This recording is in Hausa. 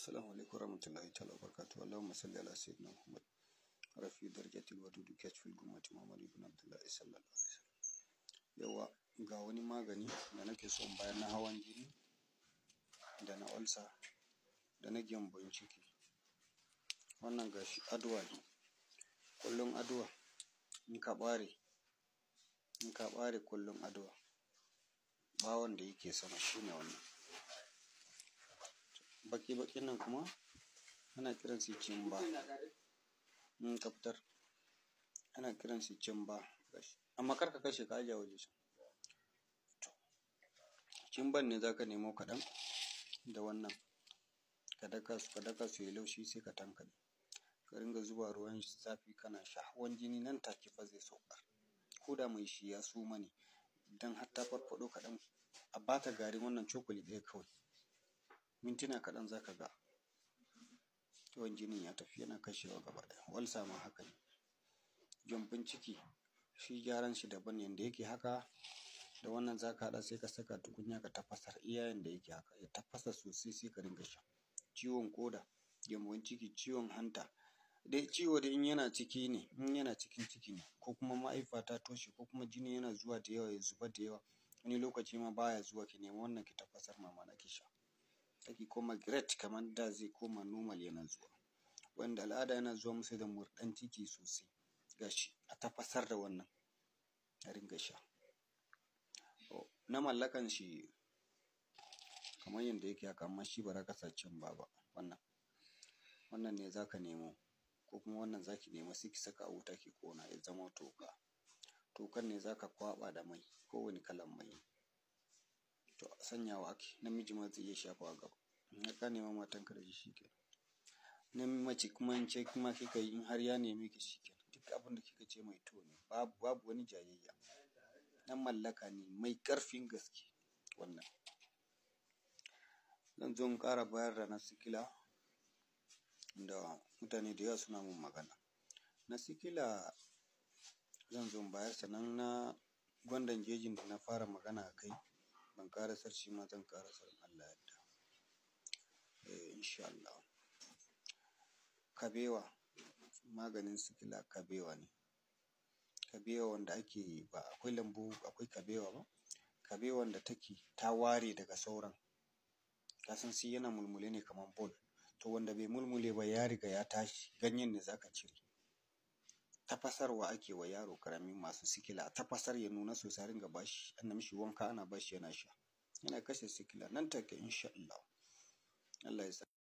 Assalamu alaikum warahmatullahi ta'ala wabarakatuh. Allahumma salli ala sayyidina Muhammad. Rafi darjatil wadudu gumati Muhammad ibn Abdullah sallallahu alaihi wasallam. Yawa ga wani magani da nake so in bayar na hawan jini da na ulcer da na gyambon ciki. Wannan gashi aduwa ne. Kullum aduwa in ka bare in ka bare kullum aduwa. Bawon da yake sama shine wannan. baki-bakin nan kuma ana kiran su cimba in hmm, ka fitar ana kiran su cimba amma kar ka kashe ka ajiye waje su cimban ne zaka nemo kaɗan da wannan ka daka su ka daka su ya laushi sai ka tankaɗe ka ringa zuba ruwan zafi kana sha hawan jini nan take fa zai sauka ko da mai shi ya suma ne Don har ta farfaɗo kaɗan a bata garin wannan cokali ɗaya kawai mintuna kaɗan za ka ga yawan jinin ya tafi yana kashewa gaba ɗaya walsa ma haka ne gyambon ciki shi gyaran shi daban yanda yake haka da wannan za ka haɗa sai ka saka tukunya ka tafasar iya yadda yake haka ya tafasa sosai sai ka ringa sha ciwon koda gyambon ciki ciwon hanta dai ciwo da in yana ciki ne in yana cikin ciki ne ko kuma ma'aifa ta toshe ko kuma jini yana zuwa da yawa ya zuba da yawa wani lokaci ma baya zuwa ki nema wannan ki tafasar mama na ki sha zaki koma great kamar da zai koma normal yana zuwa wanda al'ada yana zuwa musu da murɗan ciki sosai gashi a tafasar da wannan a ringa sha na mallakan shi kamar yadda yake haka amma shi ba ka sacin ba ba wannan wannan ne zaka nemo ko kuma wannan zaki nemo sai ki saka a wuta ki kona ya zama toka tokan ne zaka kwaɓa da mai kowane kalan mai sanyawa ake namiji ma zai iya shafawa gaba na ka nema matan ka da shi na mace kuma in ce kuma kika yi in har ya nemi ki duk abin da kika ce mai to ne babu wani jayayya na mallaka ne mai karfin gaske wannan zan zo in ƙara bayar da nasikila da mutane da yawa suna mun magana nasikila zan zo bayar sannan na gwandan jejin da na fara magana a kai ban ƙarasar shi ma zan ƙarasar Allah yadda eh, insha Allah kabewa maganin sikila kabewa ne kabewa wanda ake ba akwai lambu akwai kabewa ba kabewa wanda take ta ware daga sauran kasan shi yana mulmule ne kamar bol to wanda bai mulmule ba ya riga ya tashi ganyen ne zaka cire tafasarwa ake wa yaro karamin masu sikila tafasar ya nuna sosai, sa ringa bashi ana mishi wanka ana ba shi yana sha yana kashe sikila nan take insha Allah Allah ya